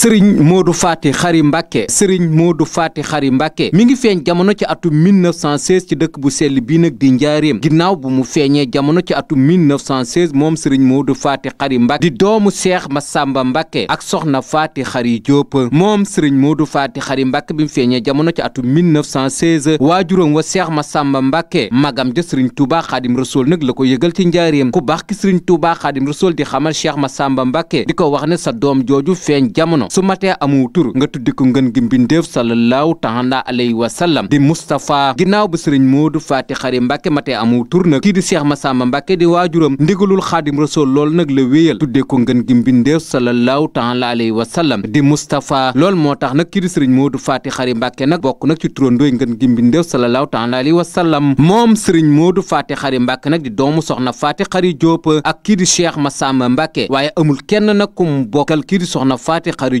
sëriñ Modou Faty Khary Mbacké sëriñ Modou Faty Khary Mbacké mi ngi feeñ jamono ci atum 1916 ci dëkk bu sell bii nag di njaareem ginnaaw bu mu feeñee jamono ci atum 1916 moom sëriñ Modou Faty Khary Mbacké di doomu Seex samba Mbacké ak soxna Faty Khary Diop moom sëriñ Modou Faty Khary Mbacké bi mu feeñee jamono ci atum 1916 waajuram wa Seex samba Mbacké magam ja sëriñ Touba Xaadim Rasuul nag la ko yëgal ci njaareem ku baax ki sëriñ Touba Xaadim Rasuul di xamal Seex samba Mbacké di ko wax ne sa doom jooju feeñ jamono su matee amu tur nga tuddi ko ngën gi mbindeef sallallahu taala alayhi wa sallam di Moustapha ginnaaw bi sëriñ Moodu Faati Xari Mbàkke mate amu tur nag kii di ma Massamba Mbàkke di waajuram ndigalul Xaadim Rasool lool nag la wéyal tuddee ko ngën gi mbindeef sallallahu taala alayhi wa sallam di Moustapha lool moo tax nag kii di sëriñ Moodu Faati Xari Mbàkke nag bokk nag ci turandooy ngën gi mbindeef sallallahu taala alayhi wa sallam moom sëriñ Moodu Faati Xari Mbàkke nag di doomu soxna Faati Xari Jóob ak kii di Cheikh Massamba Mbàkke waaye amul kenn nag ku mu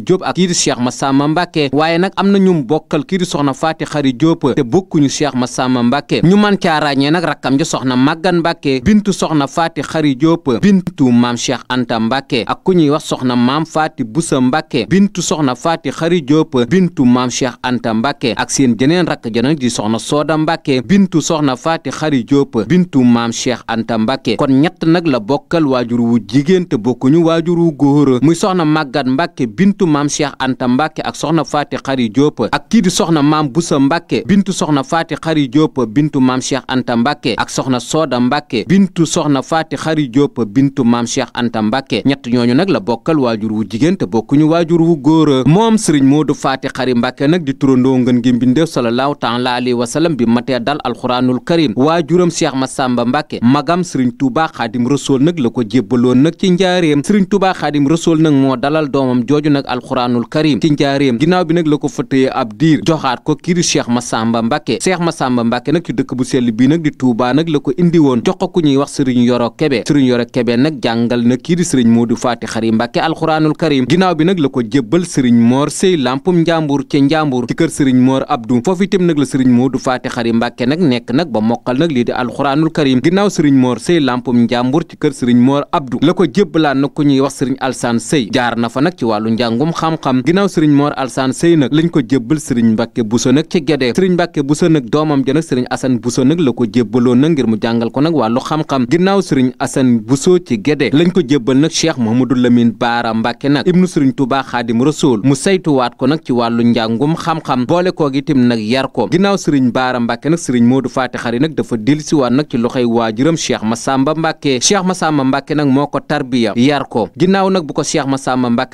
Xari Diop ak kii di Cheikh Massamba Mbacke waaye nag am na ñum bokkal kii di soxna Faati Xari Diop te bokkuñu Cheikh Massamba Mbacke ñu man caa ràññee nag rakkam ja soxna Maggan Mbacke bintu soxna Faati Xari Diop bintu maam Cheikh Anta Mbacke ak ku ñuy wax soxna maam Faati Busa Mbacke bintu soxna Faati Xari Diop bintu maam Cheikh Anta Mbacke ak seen jeneen rakk jeneen di soxna Sooda mbake bintu soxna Faati Xari Diop bintu maam Cheikh Anta mbake kon ñett nag la bokkal waajur wu jigéen te bokkuñu waajur wu góor muy soxna Maggan Mbacke bintu maam Cheikh Anta Mbacke ak soxna Faati Xari Diop ak kii di soxna maam Boussa Mbacke bintu soxna Faati Xari Diop bintu maam Cheikh Anta Mbacke ak soxna Sooda Mbacke bintu soxna Faati Xari Diop bintu maam Cheikh Anta ñett ñooñu nag la bokkal waajur wu jigéen te bokkuñu waajur wu góor moom moo Modou Faati Xari Mbacke nag di turandoo ngën gi mbindeef sallallahu taala alayhi bi matee dal alxuraanul karim waajuram Cheikh Massamba Mbacke magam Serigne Touba Xaadim Rasool nag la ko jébbaloon nag ci njaareem Serigne Touba Xaadim Rasool nag moo dalal doomam jooju nag alxuraanul karim ci njaareem ginnaaw bi nag la ko fa tëye ab diir joxaat ko kii di cheikh Massamba Mbacke cheikh Massamba Mbacke nag ci dëkk bu sell bii nag di Touba nag la ko indi woon jox ko ku ñuy wax sëriñ Yoro Kebe sëriñ Yoro Kebe nag jàngal na kii di sëriñ Modou Faati Xari Mbacke alxuraanul karim ginnaaw bi nag la ko jébbal sëriñ Mor Sey Lampum Njambur ci Njambur ci kër sëriñ Mor Abdou foofu itam nag la sëriñ Modou Faati Xari Mbacke nag nekk nag ba mokkal nag lii di alxuraanul karim ginnaaw sëriñ Mor Sey Lampum Njambur ci kër sëriñ Mor Abdou la ko jébbalaan nag ku ñuy wax sëriñ Alsaan Sey jaar na fa nag ci wàllu njàngu njàngum xam-xam ginnaaw sëriñ Mor Alsaan Sëy nag lañ ko jébbal sëriñ Mbàkke Buso nag ci Gédé sëriñ Mbàkke Buso nag doomam ja nag sëriñ Asan Buso nag la ko jébbaloon nag ngir mu jàngal ko nag wàllu xam-xam ginnaaw sëriñ Asan Buso ci Gédé lañ ko jébbal nag Cheikh Mouhamadou Lamine Baara Mbàkke nag ibnu sëriñ Tuubaa Xaadim Rasuul mu waat ko nag ci wàllu njàngum xam-xam boole koog itam nag yar ko ginnaaw sëriñ Baara Mbàkke nag sëriñ Moodu Faati Xari nag dafa dellusiwaat nag ci loxoy waajuram Cheikh Masamba Mbàkke Cheikh Masamba Mbàkke nag moo ko tarbiya yar ko ginnaaw nag bu ko Cheikh Masamba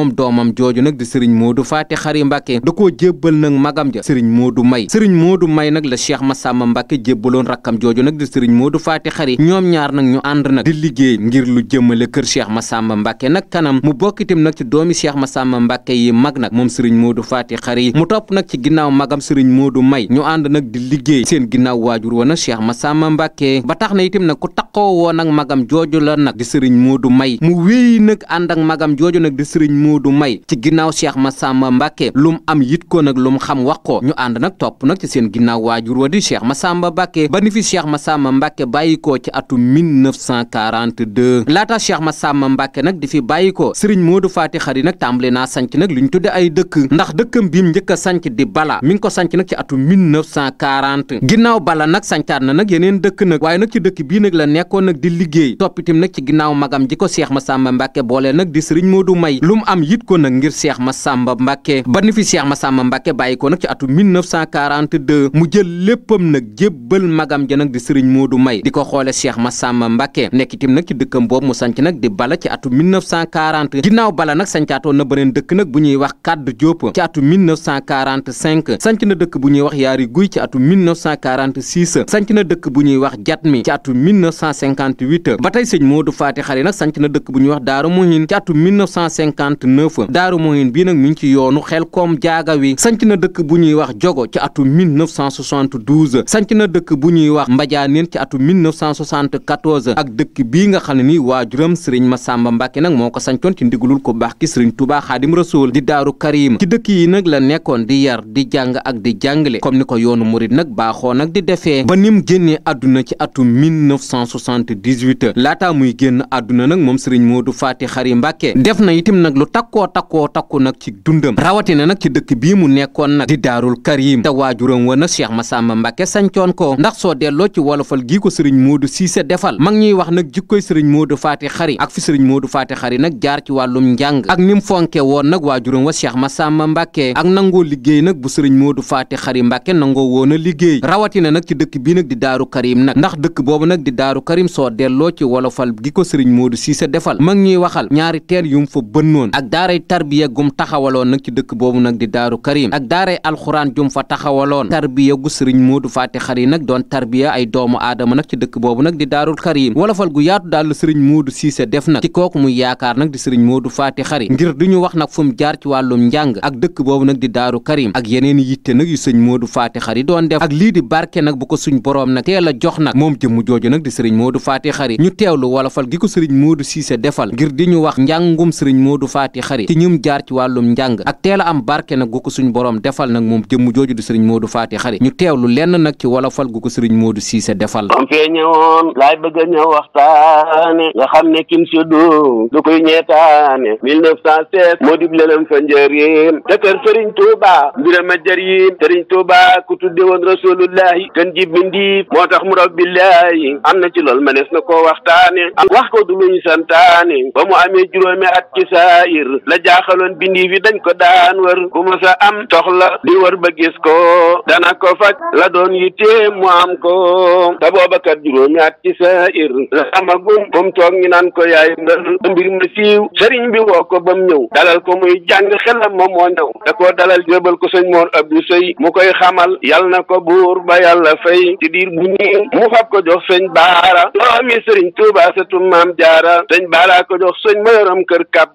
moom doomam jooju nag di sëriñ Modou Faty Khary Mbacké da koo jébbal nag magam ja sëriñ Modou May sëriñ Modou May nag la Cheikh Massamba Mbacké jébbaloon rakkam jooju nag di sëriñ Modou Faty Khary ñoom ñaar nag ñu ànd nag di liggéey ngir lu jëmale kër Cheikh Massamba Mbacké nag kanam mu bokkitim nag ci doomi Cheikh Massamba Mbacké yi mag nag moom sëriñ Modou Faty Khary mu topp nag ci ginnaaw magam sëriñ Modou May ñu ànd nag di seen ginnaaw waajur woon nag Cheikh Massamba Mbacké ba tax na itam nag ku taqoo woon nag magam jooju la nag di sëriñ du May mu wéy nag ànd ak magam jooju nag di sëriñ Moodu May ci ginnaaw Cheikh Massamba Mbacke lu mu am yit ko lu mu xam wax ko ñu ànd nag topp nag ci seen ginnaaw waajur wa di Cheikh Massamba Mbacke ba ni fi Cheikh Massamba Mbacke bàyyi ko ci atu 1942 laata Cheikh Massamba Mbacke nag di fi bàyyi ko Serigne Moodu Faati Xari nag tàmbale naa sanc nag lu ñu tudde ay dëkk ndax dëkkam bi mu njëkk a sanc di Bala mi ngi ko sanc nak ci atu 1940 ginnaaw Bala nag sancaat na nag yeneen dëkk nag waaye nak ci dëkk bii nag la nekkoon nag di liggéey toppitim nag ci ginnaaw magam ji ko Cheikh Massamba Mbacke boole nag di Serigne Moodu May lu am am yit ko nag ngir Cheikh Massamba Mbacke ba ni fi Cheikh Massamba Mbacke bàyyi ko nag ci atu 1942 mu jël léppam nag jébbal magam ja nag di sëriñ Modou May di ko xoole Cheikh Massamba Mbacke nekk itam nag ci dëkkam boobu mu sanc nag di bala ci atu 1940 ginnaaw bala nag sancaatoon na beneen dëkk nag bu ñuy wax Kaddu Diop ci atu 1945 sanc na dëkk bu ñuy wax Yaari Guy ci atu 1946 sanc na dëkk bu ñuy wax Jatmi ci atu 1958 ba tey sëñ Modou Faty Khary nag sanc na dëkk bu ñuy wax Daaru Muhin ci atu 1959 1989 daaru moyen bii nag mu ngi ci yoonu xel koom jaaga wi sanc na dëkk bu ñuy wax jogo ci atu 1972 sanc na dëkk bu ñuy wax mbajaaneen ci atu 1974 ak dëkk bi nga xam ne ni waajuram sëriñ Masamba Mbàkke nag moo ko sancoon ci ndigalul ko baax ki sëriñ Tuubaa Xaadim Rasuul di daaru Karim ci dëkk yi nag la nekkoon di yar di jàng ak di jàngale comme ni ko yoonu murit nag baaxoo nag di defee ba nim génnee àdduna ci atu 1978 laataa muy génn àdduna nag moom sëriñ Moodu Faati Xari Mbàkke def na takkoo takkoo takku nag ci dundam rawatina nag ci dëkk bii mu nekkoon nag di daarul karim te waajuram wa na cheikh masamba mbàkke sancoon ko ndax soo delloo ci wolofal gii ko sëriñ moodu siise defal mag ñuy wax nag jikkoy sëriñ moodu faati xari ak fi sëriñ moodu faati xari nag jaar ci wàllum njàng ak ni mu fonke woon nag waajuram wa cheikh masamba mbàkke ak nangoo liggéey nag bu sëriñ moodu faati xari mbàkke nangoo woon a liggéey rawatina nag ci dëkk bii nag di daaru karim nag ndax dëkk boobu nag di daaru karim soo delloo ci wolofal gi ko sëriñ moodu siise defal mag ñi waxal ñaari teel yum fa bënnoon ak daaray tarbiya gum taxawaloon nag ci dëkk boobu nag di daaru karim ak daaray alxuraan jum fa taxawaloon tarbiya gu sëriñ moo Moodu Faati Xari nag doon tarbiya ay doomu aadama nag ci dëkk boobu nag di daarul karim wolofal gu yaatu daal la moo Moodu Siise def nag ci kooku muy yaakaar nag di sëriñ du Faati Xari ngir ñu wax nag fu mu jaar ci wàllum njàng ak dëkk boobu nag di daaru karim ak yeneen yitte nag yu sëñ Moodu Faati Xari doon def ak lii di barke nag bu ko suñ boroom nag teel jox nag moom jëmm jooju nag di sëriñ Moodu Faati Xari ñu teewlu wolofal gi ko sëriñ Moodu Siise defal ngir di ñu wax njàngum sëriñ Moodu Faati i xari ci ñum jaar ci wàllum njàng ak teel a am barke nag gu ko suñ borom defal nag moom jëmm jooju di sëriñ Modou Faty Khary ñu teewlu lenn nag ci wolofal gu ko sëriñ Modou Cissé defal am fee ñëwoon laay bëgg a ñëw waxtaane nga xam ne kim sudu du koy ñeetaane 1916 moo dib lelam fa njëriñ te kër sëriñ Touba mbiram a jëriñ sëriñ Touba ku tudde woon rasulullahi kan jib bindiif moo tax mu raw am na ci lool manees na ko du la jaaxaloon bindii fi dañ ko daan wër ku ma sa am la di wër ba gis ko dana ko faj la doon yitteem mu am ko te boobakat juróomi at ci sa ir la amagum fu mu toog ñu naan ko yaay mbër mbir ma siiw sëriñ bi woo ko ba mu ñëw dalal ko muy jàng xelam ma moo ñëw da koo dalal yóbbal ko sëñ moor abdu sëy mu koy xamal yal na ko buur ba yàlla fay ci diir bu ñuul mu fab ko jox sëñ baara doomi sëriñ tuubaa sa tum jaara sëñ baara ko jox sëñ mayoram kër kàbb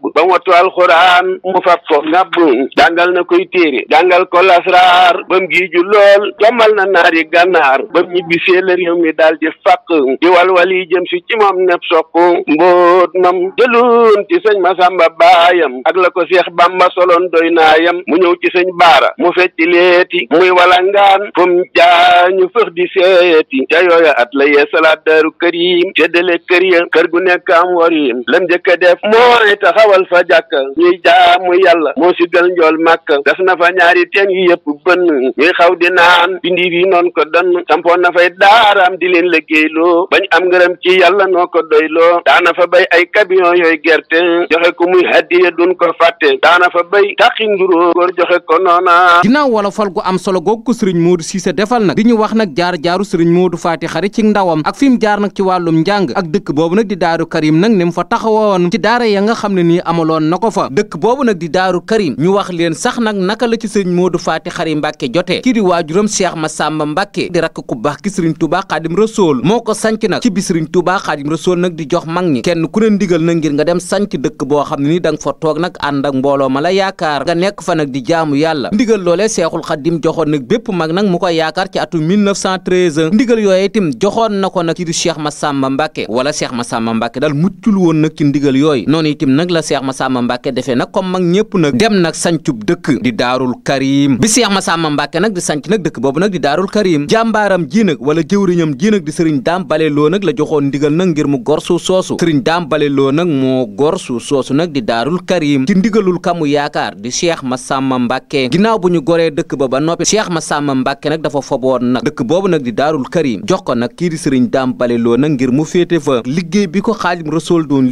alxuraan mu fab foofu ngàbb jàngal na koy téere jàngal ko lasraar ba mu giiju lool jommal na naari gànnaar ba ñibbisee la réew mi daal di fàq di walwal yi jëm si ci moom nepp soq mbóot nam jëloon ci sëñ Masamba baayam ak la ko Seex Bamba soloon doy yam mu ñëw ci sëñ baara mu fecc leeti muy walangaan fu mu jaañu fëx di seeti ca yooya at la yee salaat daaru kër yi séddale kër ya kër gu nekk am wor yi lam def mooy taxawal fa jàkk màkka ñuy jaamu yàlla moo si gël njool màkka def na fa ñaari teen yi yëpp bënn ñuy xaw di naan bindif yi noonu ko dan sampoon na fay daaraam di leen liggéeyloo bañ am ngërëm ci yàlla noo ko loo daana fa bay ay camion yooyu gerte joxe ko muy hadiya duñ ko fàtte daana fa bay taqi nduroo góor joxe ko noona ginnaaw wala fal gu am solo googu ko sëriñ Modou Cissé defal nag di ñu wax nag jaar-jaaru sëriñ Modou Faty Khary ci ndawam ak fi mu jaar nag ci wàllum njàng ak dëkk boobu nag na ko fa dëkk boobu nag di daaru karim ñu wax leen sax nag naka la ci sëriñ moodu faati xari mbàkke jotee kii di waajuram ma masamba mbàkke di rakk ku baax ki sëriñ tubaa xaadim rasool moo ko sanc nag ci bi sëriñ tubaa xaadim rasool nag di jox mag ñi kenn ku ne ndigal na ngir nga dem sanc dëkk boo xam ni da nga toog nag ànd ak mbooloo ma la yaakaar nga nekk fa nag di jaamu yàlla ndigal loolee seexul xaadim joxoon nag bépp mag nag mu ko yaakaar ci atum 1913 ndigal yooye itam joxoon na ko nag kii di cheikh masamba mbàkke wala cheikh masamba mbàkke daal muccul woon nag ci ndigal yooyu noonu itam nag la cheikh masamba Mbacke defee nag comme mag ñëpp nag dem nag sancub dëkk di daarul karim bi Cheikh Massamba Mbacke nag di sanc nag dëkk boobu nag di daarul karim jàmbaaram ji nag wala jëwriñam ji nag di sëriñ daam bale loo nag la joxoon ndigal nag ngir mu gor suuf soosu sëriñ daam bale loo nag moo gor suuf soosu nag di daarul karim ci ndigalul kamu yaakaar di Cheikh Massamba Mbacke ginnaaw bu ñu goree dëkk ba ba noppi ma Massamba Mbacke nag dafa foboon nag dëkk boobu nag di daarul karim jox ko nag kii di sëriñ daam ngir mu féete fa liggéey bi ko Xaadim Rasul doon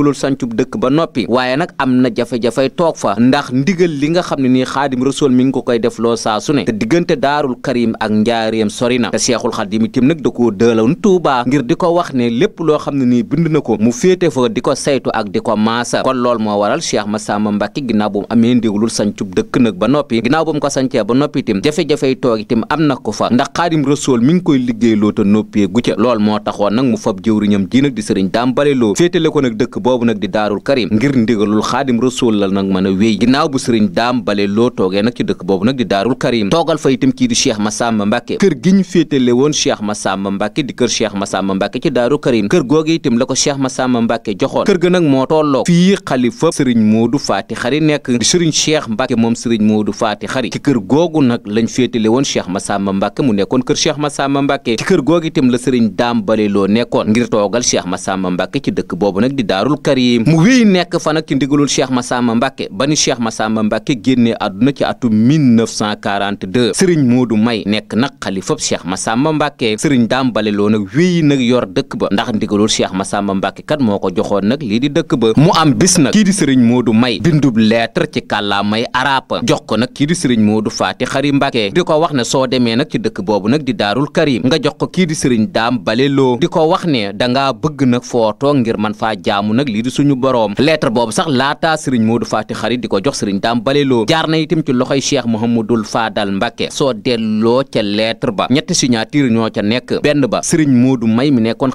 ndigalul sancub dëkk ba noppi waaye nag am na jafe toog fa ndax ndigal li nga xam ne nii xaadim rasul mi ngi ko koy def loo su ne te diggante daarul karim ak njaareem sori na te seexul xaadim itam nag da koo dëëlawn tuubaa ngir di ko wax ne lépp loo xam ne nii bind na ko mu féete fa di ko saytu ak di ko maasa kon lool moo waral cheikh masamba mbàkke ginnaaw bu mu amee ndigalul sancub dëkk nag ba noppi ginnaaw bu mu ko sancee ba noppi itam jafe-jafey toog itam am na ko fa ndax xaadim rasul mi ngi koy liggéey loo te noppee gu lool moo taxoon nag mu fab jëwriñam ji di sëriñ dàmbaleloo féetale ko nag dëkk boobu nag di daarul karim ngir ndigalul xaadim rasul la nag mën a wéy ginnaaw bu sëriñ daam bale loo toogee nag ci dëkk boobu nag di daarul karim toogal fa itam kii di ma masamba mbàkke kër gi ñu féetale woon cheikh masamba mbàkke di kër cheikh masamba mbàkke ci daarul karim kër googu itam la ko cheikh masamba mbàkke joxoon kër ga nag moo tolloog fii xalifa sëriñ moodu faati xari nekk di sëriñ cheikh mbàkke moom sëriñ moodu faati xari ci kër googu nag lañ féetale woon ma masamba mbàkke mu nekkoon kër cheikh masamba mbàkke ci kër googu itam la sëriñ daam bale loo nekkoon ngir toogal cheikh masamba mbàkke ci dëkk boobu nag di Karim mu wéy nekk fa nag ci ndigalul Cheikh Massamba Mbacke ba ni Cheikh Massamba Mbacke génnee àdduna ci atum 1942 moo Modou May nekk nag xalifab Cheikh Massamba Mbacke Serigne Dame Bale Lo nag wéy nag yor dëkk ba ndax ndigalul Cheikh Massamba Mbacke kat moo ko joxoon nag lii di dëkk ba mu am bis nag kii di moo du May bindub lettre ci kàllaamay arab jox ko nag kii di sëriñ moo du faati Khary Mbacke di ko wax na soo demee nag ci dëkk boobu nag di Daarul Karim nga jox ko kii di Serigne Dame Bale Lo di ko wax ne da ngaa bëgg nag footoo ngir man lii di suñu boroom lettre boobu sax laataa sëriñ Modou Faty Khary di ko jox sëriñ Dame Balelo jaar na itam ci loxoy Cheikh Mouhamadul Fadal Mbacké soo delloo ca ba ñetti signature ñoo ca nekk benn ba sëriñ Modou May mi nekkoon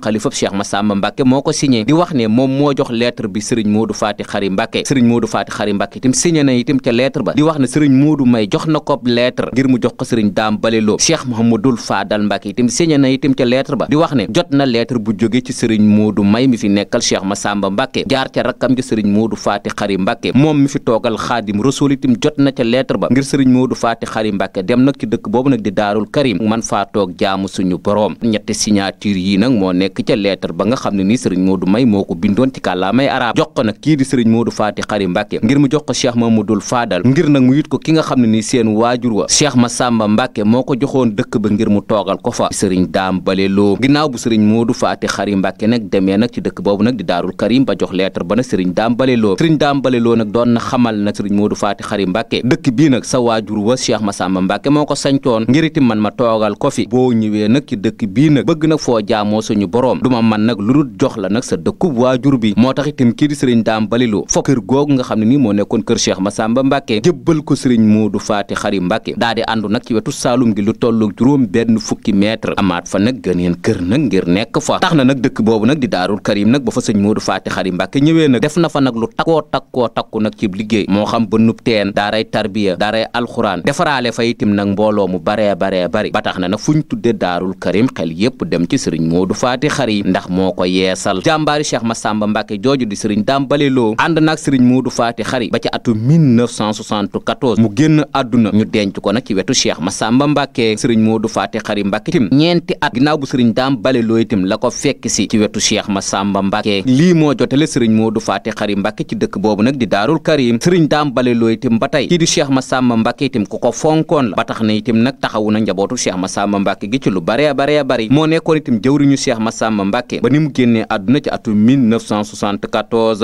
moo ko signé di wax ne moom moo jox lettre bi sëriñ Modou Faty Khary Mbacké sëriñ Modou Faty Khary Mbacké itam signé na itam ca lettre ba di wax ne sëriñ Modou May jox na ko lettre ngir mu jox ko sëriñ Dame Balelo Cheikh Mouhamadul Fadal Mbacké itam signé na itam ca lettre ba di wax ne jot na lettre bu jóge ci sëriñ Modou May mi fi nekkal Cheikh Massamba Mbacke jaar ca rakkam ji sëriñ Modou Faty Khary Mbacke moom mi fi toogal xaadim rasul itam jot na ca lettre ba ngir sëriñ Modou Faty Khary Mbacke dem nag dëkk boobu nag di daarul karim man faa toog jaamu suñu boroom ñetti signature yi nag moo nekk ca lettre ba nga xam ne nii sëriñ Modou May moo ko bindoon ci kàllaamay arab jox ko nag kii di sëriñ Modou Faty Khary Mbacke ngir mu jox ko Cheikh Mamadou Fadal ngir nag mu yit ko ki nga xam ne nii seen waajur wa ma Massamba Mbacke moo ko joxoon dëkk ba ngir mu toogal ko fa sëriñ Daam loo ginnaaw bu sëriñ moo Modou Faty Khary Mbacke nag demee nag ci dëkk boobu nag di daarul karim ba jox lettre ba na sëriñ daam baleloo sëriñ daam baleloo nag doon na xamal na sëriñ Modou Faty Khary Mbacke dëkk bii nag sa waajur wa Cheikh Massamba Mbacke moo ko sañtoon ngir itam man ma toogal ko fi boo ñëwee nag ci dëkk bii nag bëgg nag foo jaamoo suñu boroom du ma man nag lu dul jox la nag sa dëkkub waajur bi moo tax itam kii di sëriñ daam baleloo fo kër googu nga xam ne nii moo nekkoon kër Cheikh Massamba Mbacke jébbal ko sëriñ Modou Faty Khary Mbacke daa di àndu nag ci wetu Saalum gi lu tollu juróom benn fukki mètre amaat fa nag gëneen kër nag ngir nekk fa tax na xari mbàkke ñëwee nag def na fa nag lu takkoo takkoo takku nag ci liggéey moo xam ba nub teen daaray tarbiya daaray alxuraan defaraale fa itim nag mbooloo mu baree baree bari ba tax na nag fuñ tudde daarul karim xel yépp dem ci sëriñ moodu faati xari ndax moo ko yeesal jàmbaari ma samba mbàkke jooju di sëriñ daam baleloo ànd naag sëriñ moodu faati xari ba ci atu 1974 mu génn àdduna ñu denc ko nag ci wetu cheikh masamba mbàkke sëriñ moodu faati xari mbàkke tim ñeenti at ginnaaw bu sëriñ daam baleloo itim la ko fekk si ci wetu cheikh masamba mbàkke lii yëkkatale sëriñ Modou Faty Khary Mbacké ci dëkk boobu nag di daarul karim sëriñ daam bale loo itam ba tey ku ko na itam nag taxawu na njabootu Cheikh Massamba Mbacké lu bare bare bari moo nekkoon itam jëwriñu Cheikh Massamba Mbacké ba ni mu génnee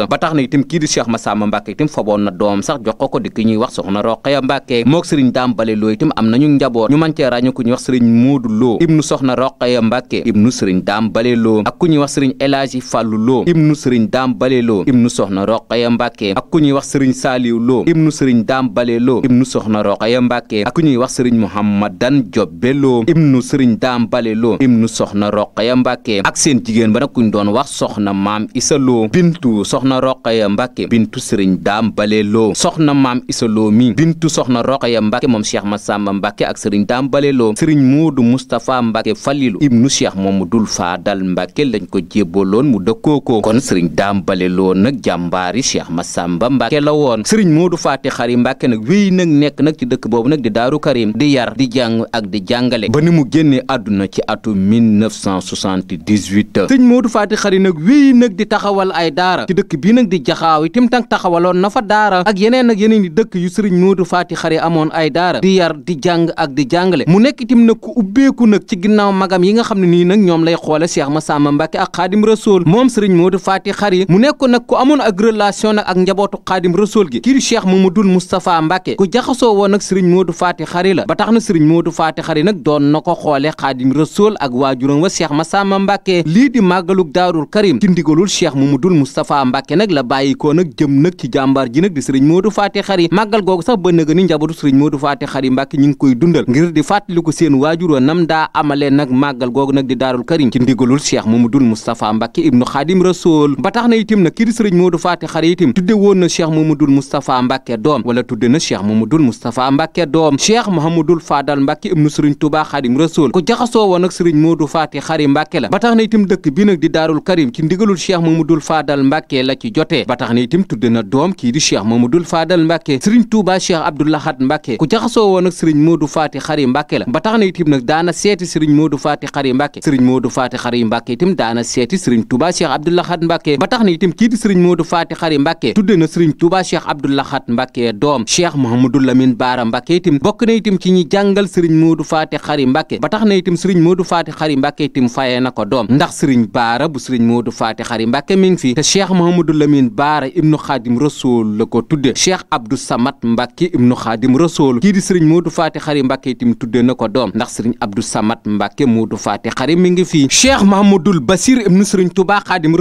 ba tax na itam kii di Cheikh Massamba Mbacké itam foboon na doom sax jox ko ko di ki ñuy wax soxna Roqaya Mbacké mook sëriñ daam bale loo itam am nañu ñu mën cee ràññu ku ñuy wax sëriñ Modou Lo ibnu soxna Roqaya Mbacké ibnu sëriñ daam bale loo ak ku ñuy wax sëriñ El Hadji Fallou Lo ibnu sëriñ daam bale loo ibnu soxna roqaya mbàkke ak ku ñuy wax sëriñ saaliw loo ibnu sëriñ daam bale loo ibnu soxna roqaya mbàkke ak ku ñuy wax sëriñ muhammadan jobbe loo ibnu sëriñ daam bale loo ibnu soxna roqaya mbàkke ak seen jigéen ba nag kuñ doon wax soxna maam isa loo bintu soxna roqaya mbàkke bintu sëriñ daam bale loo soxna maam isa loo mi bintu soxna roqaya mbàkke moom cheikh masamba mbàkke ak sëriñ daam bale loo sëriñ muudu mustapha mbàkke falilu ibnu cheikh mamadul faadal mbàkke lañ ko jébbaloon mu dëkkoo ko kon sëriñ dàmbale loo nag jàmbaari Cheikh Massamba Mbacke la woon sëriñ Modou Faty Khary Mbacke nag wéy nag nekk nag ci dëkk boobu nag di Daaru Karim di yar di jàng ak di jàngale ba ni mu génnee àdduna ci atum 1978 sëriñ Modou Faty Khary nag wéy nag di taxawal ay daara ci dëkk bii nag di jaxaaw itam tam taxawaloon na fa daara ak yeneen ak yeneen i dëkk yu sëriñ Modou Faty Khary amoon ay daara di yar di jàng ak di jàngale mu nekk itam nag ku ubbeeku nag ci ginnaaw magam yi nga xam ne nii nag ñoom lay xoole Cheikh Massamba Mbacke ak Khadim Rasoul moom sëriñ Modou Faty Khary Ansar yi mu nekkoon nag ku amoon ak relation nag ak njabootu xaadim rasul gi kii di cheikh Mamadul Moustapha Mbacke ku jaxasoo woon nag sëriñ Modou Faati Xari la ba tax na sëriñ Modou Faati Xari nag doon na ko xoolee xaadim rasul ak waajuram wa cheikh Massamba Mbacke lii di màggalug daarul karim ci ndigalul cheikh Mamadul Moustapha Mbacke nag la bàyyikoo nag jëm nag ci jàmbaar ji nag di sëriñ Modou Faati Xari màggal googu sax ba nëga ni njabootu sëriñ Modou Faati Xari Mbacke ñu ngi koy dundal ngir di fàttaliku seen waajur nam daa amalee nag màggal googu nag di daarul karim ci ndigalul cheikh Mamadul Moustapha Mbacke ibnu xaadim rasul tax na itim nag kii di sëriñ Modou Faty Khary itim tudde woon na cheikh Mamadou Moustapha Mbacke doom wala tudde na cheikh Mamadou Moustapha Mbacke doom cheikh Mahamadou Fadal Mbacke ibnu sëriñ Touba Khadim Rasoul ko jaxasoo woon ak sëriñ Modou Faty Khary Mbacke la ba tax na itim dëkk bi nag di Daarul Karim ci ndigalul cheikh Mamadou Fadal Mbacke la ci jotee ba tax na itim tudde na doom kii di cheikh Mamadou Fadal Mbacke sëriñ Touba cheikh Abdou Lahad Mbacke ku jaxasoo woon ak sëriñ Modou Faty Khary Mbacke la ba tax na itim nag daana seeti sëriñ Modou Faty Khary Mbacke sëriñ Modou Faty Khary Mbacke itim daana seeti sëriñ Touba cheikh Abdou Lahad Mbacke ba tax na itam kii di sëriñ Modou Faty Khary Mbacké tudde na sëriñ Touba Cheikh Abdou Lahad Mbacké doom Cheikh Mouhamadou Lamine Bara Mbacké itam bokk na itam ci ñi jàngal sëriñ Modou Faty Khary Mbacké ba tax na itam sëriñ Modou Faty Khary Mbacké itam fayee na ko doom ndax sëriñ Baara bu sëriñ Modou Faty Khary Mbacké mi ngi fi te Cheikh Mouhamadou Lamine Bara ibnu Khadim Rasoul la ko tudde Cheikh Abdou Samad Mbacké ibnu Khadim Rasoul kii di sëriñ Modou Faty Khary Mbacké itam tudde na ko doom ndax sëriñ Abdou Samad Mbacké Modou Faty Khary mi ngi fi Cheikh Mouhamadoul Basir ibnu sëriñ Touba Khadim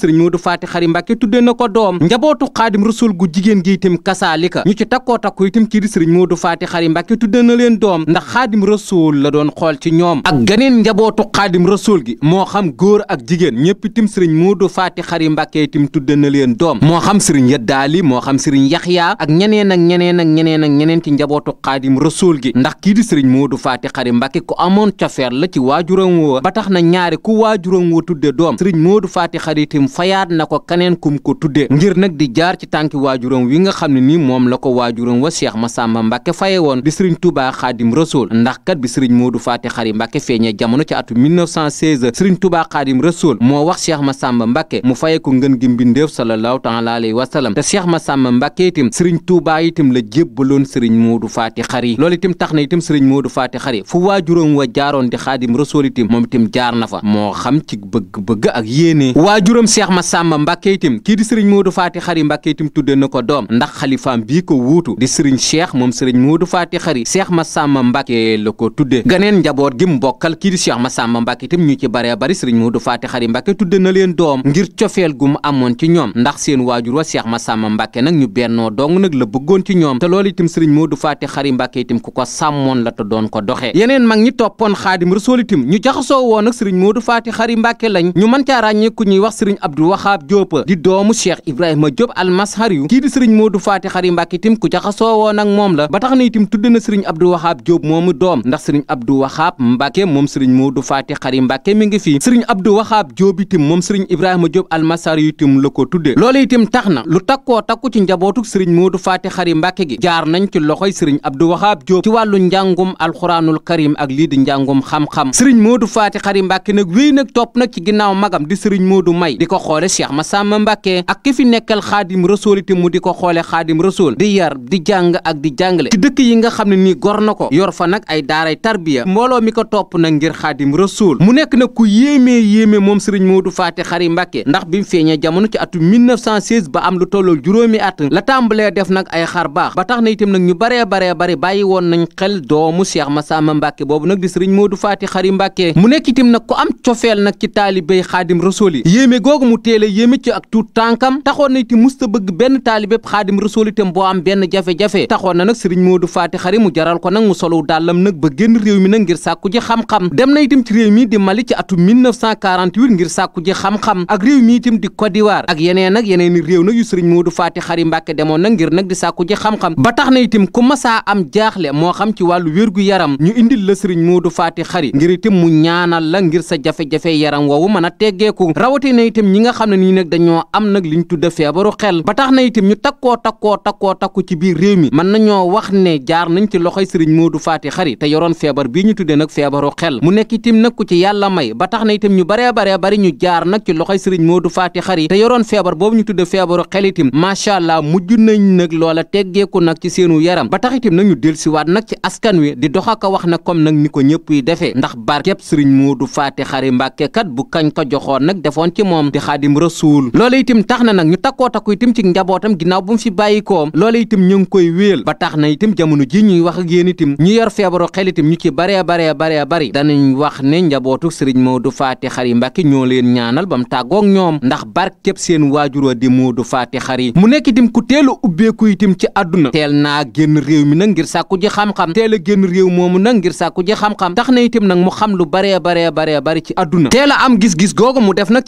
sëriñ Modou Faty Khary Mbacké tuddee na ko doom njabootu xaadim rasul gu jigéen gi itam kasaalika ñu ci takkoo takku itam ci di sëriñ Modou Faty Khary Mbacké tuddee na leen doom ndax xaadim rasul la doon xool ci ñoom ak ganeen njabootu xaadim rasul gi moo xam góor ak jigéen ñëpp itam sëriñ Modou Faty Khary Mbacké itam tuddee na leen doom moo xam sëriñ Yaddaali moo xam sëriñ Yaxya ak ñeneen ak ñeneen ak ñeneen ak ñeneen ci njabootu xaadim rasul gi ndax kii di sëriñ Modou Faty Khary Mbacké ku amoon cofeer la ci waajuram woo ba tax na ñaari ku waajuram woo tudde doom sëriñ Modou Faty Khary fayaat na ko kaneen kum ko tuddee ngir nag di jaar ci tànki waajuram wi nga xam ne ni moom la ko waajuram wa ma Massamba Mbacke faye woon di sëriñ Touba Xaadim Rasoul ndax kat bi sëriñ Modou Faty Khary Mbacke feeñee jamono ci atu 1916 sëriñ Touba Xaadim Rasoul moo wax ma Massamba Mbacke mu faye ko ngën gi mbindeef sallallahu taala alayhi wa sallam te Cheikh Massamba Mbacke itam sëriñ Touba itam la jébbaloon sëriñ Modou Faty Khary loolu itam tax na itam sëriñ Modou Faty Khary fu waajuram wa jaaroon di Xaadim Rasoul itam moom itam jaar na fa moo xam ci bëgg-bëgg ak yéene Cheikh Massamba Mbacke itam kii di sëriñ Modou Faty Khary Mbacke itam tudde na ko doom ndax xalifaam bii ko wuutu di sëriñ Cheikh moom sëriñ Modou Faty Khary Cheikh Massamba Mbacke la ko tudde ganeen njaboot gi mu bokkal kii di Cheikh Massamba Mbacke itam ñu ci baree bari sëriñ Modou Faty Khary Mbacke tudde na leen doom ngir cofeel gu mu amoon ci ñoom ndax seen waajur wa Cheikh Massamba Mbacke nag ñu bennoo dong nag la bëggoon ci ñoom te loolu itam sëriñ Modou Faty Khary Mbacke itam ku ko sàmmoon la te doon ko doxee yeneen mag ñi toppoon Xaadim Rasuul itam ñu jaxasoo woon ñu mën caa ràññee ku ñuy Abdou Wahab Diop di doomu Cheikh Ibrahima Diop almashar yu kii di sëriñ Modou Faty Khary Mbacké itam ku jaxasoo woon ak moom la ba tax na itam tudd na sëriñ Abdou Wahab Diop moomu doom ndax sëriñ Abdou Wahab Mbacké moom sëriñ Modou Faty Khary Mbacké mi ngi fii sëriñ Abdou Wahab Diop itam moom sëriñ Ibrahima Diop almashar yu itam la ko tudde loolu itam tax na lu takkoo takku ci njabootuk sëriñ Modou Faty Khary Mbacké gi jaar nañ ci loxoy sëriñ Abdou Wahab Diop ci wàllu njàngum alxuraanul di njàngum xam-xam sëriñ Modou Faty Khary Mbacké nag wéy nag topp nag ci ginnaaw magam di xoole Cheikh Massamba Mbacke ak ki fi nekkal xaadim rasool itam mu di ko xoole xaadim rasool di yar di jàng ak di jàngale ci dëkk yi nga xam ne nii gor na ko yor fa nag ay daaray tarbiya mbooloo mi ko topp nag ngir xaadim rasool mu nekk nag ku yéemee yéemee moom sëriñ Modou Faty Khary Mbacke ndax bi mu feeñee jamono ci atum 1916 ba am lu tollool juróomi at la tàmbalee def nag ay xar baax ba tax na itam nag ñu baree baree bari bàyyi woon nañ xel doomu Cheikh Massamba Mbacke boobu nag di sëriñ Modou Faty Khary Mbacke mu nekk itam nag mu teel a yéeme ci ak tuut tànkam taxoon na ti musta bëgg benn taalibéb xaadim rasulitam boo am benn jafe-jafe taxoon na nag sëriñ Moodu Faati Xari mu jaral ko nag mu solow dàllam nag ba génn réew mi nag ngir sàkku ji xam-xam dem na itam ci réew mi di Mali ci atum 1948 ngir sàkku ji xam-xam ak réew mi itam di Côte d'Ivoire ak yeneen ak yeneen i réew nag yu sëriñ Moodu Faati Xari Mbàkke demoon nag ngir nag di sàkku ji xam-xam ba tax na itam ku masaa am jaaxle moo xam ci wàllu wérgu yaram ñu indil la sëriñ Moodu Faati Xari ngir itam mu ñaanal la ngir sa jafe-jafe yaram woowu mën a teggeeku ñi nga xam ne nii nag dañoo am nag liñ tudde feebaru xel ba tax na itam ñu takkoo takkoo takkoo takku ci biir réew mi mën nañoo wax ne jaar nañ ci loxoy sëriñ Modou Faty Khary te yoroon feebar bii ñu tuddee nag feebaru xel mu nekk itam nag ku ci yàlla may ba tax na itam ñu baree baree bari ñu jaar nag ci loxoy sëriñ Modou Faty Khary te yoroon feebar boobu ñu tudde feebaru xel itam macha allah mujj nañ nag loola teggeeku nag ci seenu yaram ba tax itam nag ñu dellusiwaat nag ci askan wi di dox ak a wax nag comme nag ni ko ñëpp yi defee ndax barkeb sëriñ du Faty Khary Mbàkke kat bu kañ ko joxoon nag defoon ci xaadim rasuul loola itam tax na nag ñu takkoo takku itam ci njabootam ginnaaw bu mu fi bàyyikoom loola itam ñu ngi koy wéel ba tax na itam jamono ji ñuy wax ak yéen itam ñu yor feebaru xel itam ñu ci baree baree baree bari danañ wax ne njabootu sëriñ Moodu Faati Xari Mbàkke ñoo leen ñaanal ba mu tàggoog ñoom ndax barkeb seen waajur wa di Moodu Faati Xari mu nekk itam ku teel a ubbeeku itam ci àdduna teel na génn réew mi nag ngir sàkku ji xam-xam teel a génn réew moomu nag ngir sàkku ji xam-xam na itam nag mu xam lu baree baree baree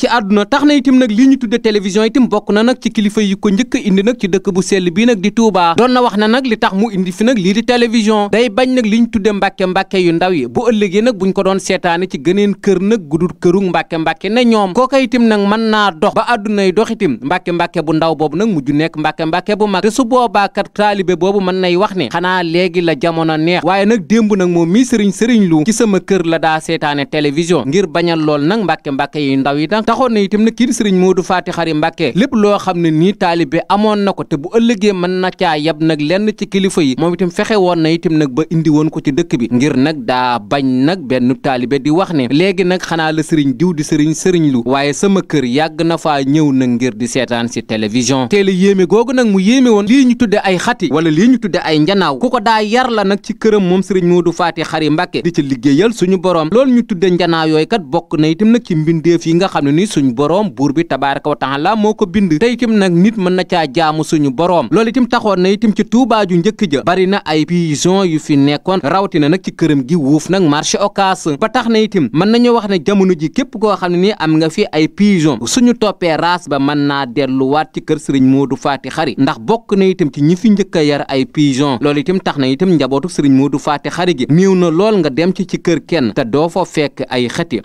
a am tax na itam nag lii ñu tudde télévision itam bokk na nag ci kilifa yi ko njëkk indi nag ci dëkk bu sell bii nag di Touba doon na wax na nag li tax mu indi fi nag lii di télévision day bañ nag li ñu tudde mbakke mbàkke yu ndaw yi bu ëllëgee nag buñ ko doon seetaane ci gëneen kër nag gudul këru mbàkke-mbàkke ne ñoom kooka itam nag mën naa dox ba àddunay dox itam mbakke mbàkke bu ndaw boobu nag mujj nekk mbakke mbakke bu mag te su boobaa taalibe boobu mën nay wax ne xanaa léegi la jamono neex waaye nag démb nag moom mii sëriñ sëriñ lu ci sama kër la daa seetaane télévision ngir bañal lool nag mbàkke-mbàkke yi nag taxoon kii di sëriñ Modou Faty Khary Mbacké lépp loo xam ne nii taalibe amoon na ko te bu ëllëgee man na caa yab nag lenn ci kilifa yi moom itam fexe woon na itam nag ba indi woon ko ci dëkk bi ngir nag daa bañ nag benn taalibe di wax ne léegi nag xanaa la sëriñ diw di sëriñ sëriñ lu waaye sama kër yàgg na faa ñëw nag ngir di seetaan si télévision teele yéeme googu nag mu yéeme woon lii ñu tudde ay xati wala lii ñu tudde ay njanaaw ku ko daa yar la nag ci këram moom sëriñ Modou Faty Khary Mbacké di ci liggéeyal suñu borom loolu ñu tudde njanaaw yooyu kat bokk na itam nag ci mbindeef yi nga xam ne ni suñu borom buur bi tabaaraka wa taala moo ko bind te itam nag nit mën na caa jaamu suñu boroom loolu itam taxoon na itam ci Tuubaa ju njëkk ja bari na ay pigeon yu nekkoon rawatina nag ci këram gi wuuf nag marché Ocass ba tax na itam mën nañu wax ne jamono ji képp koo xam ni am nga fi ay pigeon suñu toppee race ba mën naa delluwaat ci kër Sëriñ Moodu Faati Xari ndax bokk na itam ci ñi fi njëkk yar ay pigeon lool itam tax na itam njabootu Sëriñ Moodu Faati Xari gi néew na lool nga dem ci ci kër kenn te doo fa fekk ay xeti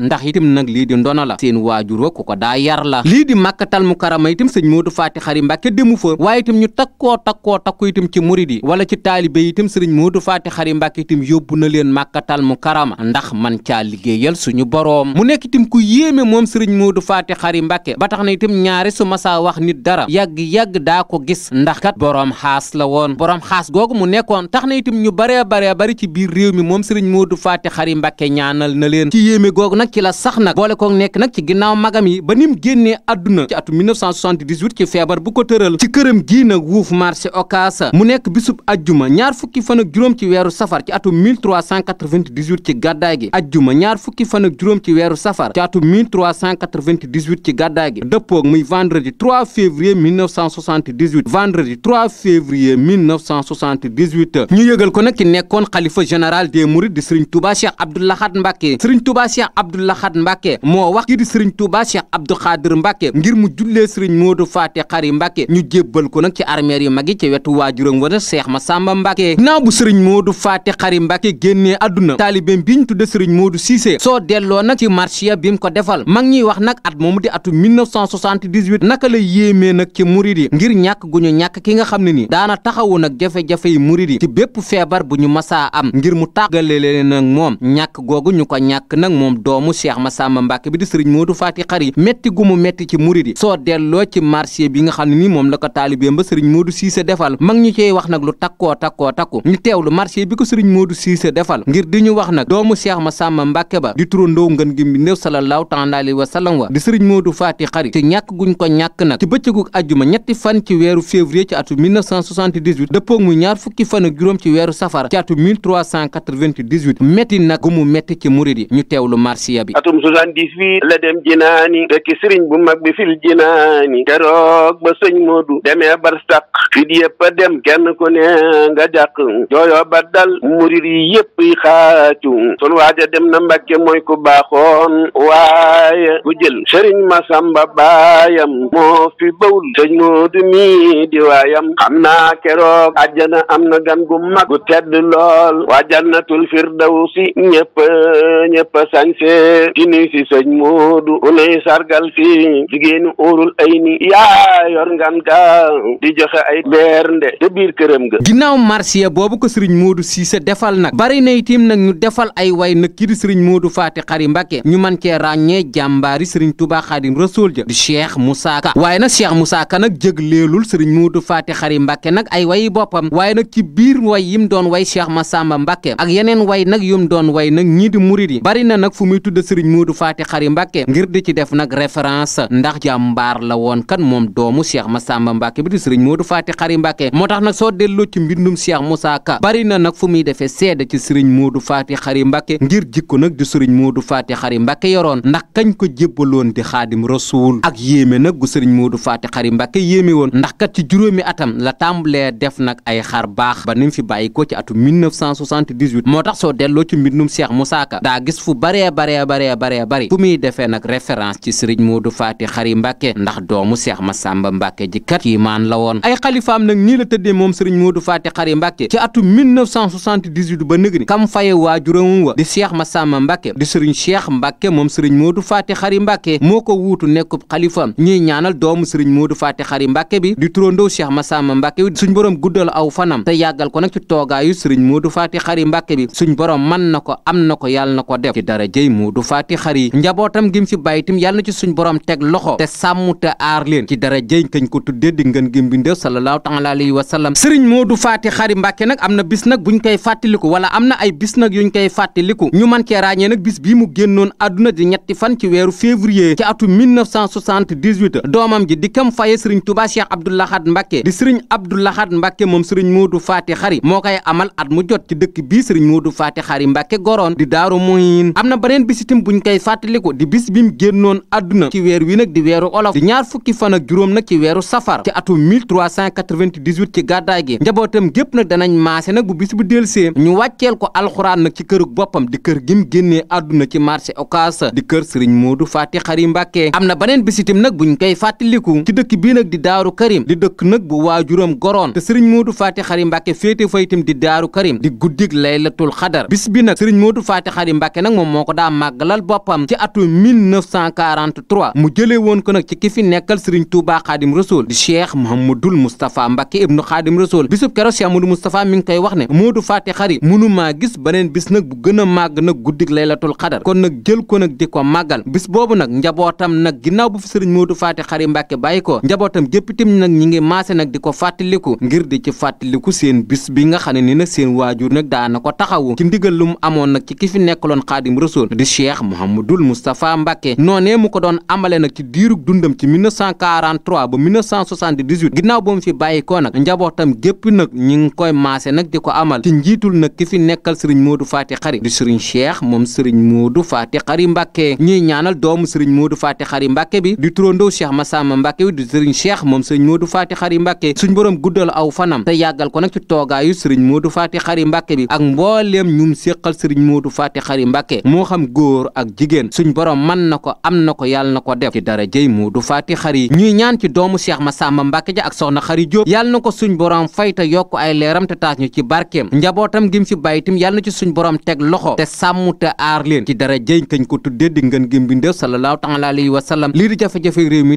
yar la lii di màkkatal mu karama itam sëñ Modou Faty Khary Mbacké demu fa waaye itam ñu takkoo takkoo takku itam ci murid yi wala ci taalibe itam sëriñ Modou Faty Khary Mbacké itam yóbbu na leen màkkatal mu karama ndax man caa liggéeyal suñu boroom mu nekk itam ku yéeme moom sëriñ Modou Faty Khary Mbacké ba tax na itam ñaari su masaa wax nit dara yàgg-yàgg daa ko gis ndax kat boroom xaas la woon boroom xaas googu mu nekkoon tax na itam ñu baree baree bari ci biir réew mi moom sëriñ Modou Faty Khary Mbacké ba nim génnee àdduna ci atum 1978 ci feebar bu ko tëral ci këram gii nag wuuf marché Ocass mu nekk bisub ajjuma ñaar fukki fan ak juróom ci weeru safar ci atum 1398 ci gàddaay gi ajjuma ñaar fukki fan ak juróom ci weeru safar ci atum 1398 ci gàddaay gi dëppoog muy vendredi 3 février 1978 vendredi 3 février 1978 ñu yëgal ko nag ki nekkoon xalifa général des mourides di Serigne Touba Cheikh Abdou Lahad Mbacké Serigne Touba Cheikh Abdou Lahad Mbacké moo wax kii di Serigne Touba Cheikh Abdou Xaadir Mbàkke ngir mu jullee sëriñ Moodu Faate Xari Mbàkke ñu jébbal ko nag ci armeer yu mag yi ci wetu waajuram wa Seex Masamba Mbàkke ginnaaw bu sëriñ Moodu Faate Xari Mbàkke génnee àdduna taalibeem bi ñu tudde sëriñ Moodu Siise soo delloo nag ci marsiya bi mu ko defal mag ñuy wax nag at moomu di atu 1978 naka la yéemee nag ci murid yi ngir ñàkk gu ñu ñàkk ki nga xam ne ni daana taxawu nag jafe-jafe yi murid yi ci bépp feebar bu ñu masaa am ngir mu tàggale leen nag ñàkk googu ñu ko ñàkk nag moom doomu Seex Masamba Mbàkke bi di sëriñ Moodu Faate Xari metti gu mu metti ci murit yi soo delloo ci marché bi nga xam ne ni moom la ko taalibeem ba sëriñ Modou Cissé defal mag ñu cey wax nag lu takkoo takkoo takku ñu teewlu marché bi ko sëriñ Modou Cissé defal ngir di ñu wax nag doomu Cheikh Massamba Mbacke ba di turandoo ngën gi mbindeef sallallahu wa di sëriñ Modou Faty Khary ci ñàkk guñ ko ñàkk nag ci bëccëgu ajjuma ñetti fan ci weeru février ci atu dëppoog mu ñaar fukki fan ak juróom ci weeru bi sëriñ bu mag bi fil jinaani keroog ba sëñ Moodu demee barsàq fit yëpp dem kenn ku ne nga jàq ba dal murid yi yëpp yi xaacu sun waaja dem na Mbàkke mooy ku baaxoon waaye ku jël sëriñ Masamba baayam moo fi bawul sëñ Moodu mi di waayam xam naa keroog àjjana am na gan gu mag gu tedd lool waa jannatul firdawsi ñëpp ñëpp sañse kini si sëñ Moodu unay sargal teral fi jigéenu ay ni yaa yor ga di joxe ay bernde te biir këram ga ginnaaw marsiya boobu ko sëriñ Modou Cissé defal nag bari na itim nag ñu defal ay way nag kii di sëriñ Modou Faty Khary Mbacké ñu man cee ràññee jàmbaari sëriñ Touba Khadim Rasoul ja di Cheikh Moussa Ka waaye nag Cheikh Moussa Ka nag jëg leelul sëriñ Modou Faty Khary mbake nag ay wayi boppam waaye nag ci biir way yim doon way Cheikh Massamba Mbacké ak yeneen way nag yum doon way nag ñii di murid yi bari na nag fu muy tudde sëriñ Modou Faty Khary Mbacké ngir di ci def France ndax jàmbaar la woon kan moom doomu Cheikh Massamba Mbacke bi di Serigne Modou Faty Khary Mbacke moo tax nag soo delloo ci mbindum Cheikh Moussa Ka bari na nag fu muy defee seede ci Serigne Modou Faty Khary Mbacke ngir jikko nag di Serigne Modou Faty Khary Mbacke yoroon ndax kañ ko jébbaloon di xaadim rasuul ak yéeme nag gu Serigne Modou Faty Khary Mbacke yéeme woon ndax kat ci juróomi atam la tàmbalee def nag ay xar baax ba nim fi bàyyi ko ci atu 1978 moo tax soo delloo ci mbindum Cheikh Moussa daa gis fu baree Modou Faty Khary Mbacké ndax doomu Cheikh Massamba Mbacké ji kat kiimaan la woon ay xalifaam nag nii la tëddee moom Serigne Modou Faty Khary Mbacké ci atum 1978 ba nëg ni kam faye waajuram wa di Cheikh Massamba moo ko wuutu nekkub xalifaam ñiy ñaanal doomu Serigne Modou Faty Khary Mbacké bi di turandoo Cheikh Massamba Mbacké bi suñ borom guddal aw fanam te yàggal ko nag ci toogaayu Serigne Modou Faty Khary Mbacké bi suñ borom man na ko am na ko yàlla na ko def ci dara jëy Modou Faty Khary njabootam gim fi bàyyitim yàlla na borom teg loxo te sàmm te aar leen ci dara jëy kañ ko tuddee di ngeen gi mbindeef sallallahu taala alayhi wa sallam sëriñ Modou Faty Khary Mbacké nag am na bis nag buñ koy fàttaliku wala am na ay bis nag yuñ koy fàttaliku ñu mën nag bis mu génnoon àdduna di ñetti fan ci weeru février ci atu doomam ji di kam faye sëriñ Touba Cheikh Abdou Lahad di sëriñ Abdou Lahad Mbacké moom sëriñ Modou Faty Khary moo koy amal at mu jot ci dëkk ci weer wi nag di weeru olof di ñaar fukki fan ak juróom nag ci weeru safar ci atum 1398 ci gàddaay gi njabootam gépp nag danañ maase nag bu bis bu delsee ñu wàcceel ko alxuraan nag ci këruk boppam di kër gim génnee àdduna ci marché Ocass di kër sëriñ Moodu Faati Xari Mbàkke am na beneen bis itam nag buñ koy fàttaliku ci dëkk bi nag di Daaru Karim di dëkk nag bu waa waajuram goroon te sëriñ Moodu Faati Xari Mbàkke féete fa itam di Daaru Karim di guddig laylatul xadar bis bi nag sëriñ Moodu Faati Xari Mbàkke nag moom moo ko daa màggalal boppam ci atum 2023 mu jëlee woon ko nag ci ki fi nekkal sëriñ Touba Xaadim Rasoul di Cheikh Mouhamadoul Moustapha Mbacké ibnu Xaadim Rasoul bisub kero Cheikh Amadou Moustapha mi ngi koy wax ne bu gën a màgg nag guddik laylatul xadar kon nag jël ko nag di ko màggal bis boobu nag njabootam nag ginnaaw bu fi sëriñ Modou Faty Khary Mbacké bàyyi ko njabootam gépp itam nag ñi ngi maase nag di ko fàttaliku ngir di ci fàttaliku seen bis bi nga xam ne ni nag seen waajur nag daana ko taxawu ci ndigal lu mu amoon nag ci ki fi nekkaloon Xaadim Rasoul di Cheikh Mouhamadoul Moustapha noonee mu ko doon amale nag ci diirug dundam ci 1943 ba 1978 ginnaaw ba mu fi bàyyi ko nag njabootam gépp nag ñi ngi koy maase nag di ko amal ci njiitul nag ki fi nekkal sëriñ Modou Faty Khary di sëriñ Cheikh moom sëriñ Modou Faty Khary Mbacké ñuy ñaanal doomu sëriñ Modou Faty Khary Mbacké bi di turandoo Cheikh Massamba Mbacké bi di sëriñ Cheikh moom sëriñ Modou Faty Khary mbake suñ borom guddal aw fanam te yàggal ko nag ci toogaayu sëriñ Modou Faty xari mbake bi ak mbooleem ñum séqal sëriñ Modou Faty xari mbake moo xam góor ak jigéen suñ borom mën na ko am na ko yàlla na ko def ci dara jëy Moodu Faati Xari ñuy ñaan ci doomu Cheikh Massamba Mbacke ja ak soxna Xari Diop yàlla na ko suñ borom fay te yokk ay leeram te taas ñu ci barkeem njabootam gim fi bàyyitam yàlla na ci suñ borom teg loxo te sàmm te aar leen ci dara jëy kañ ko tuddee di ngeen gim bi ndew sallallahu taala alayhi wa sallam di jafe-jafe réew mi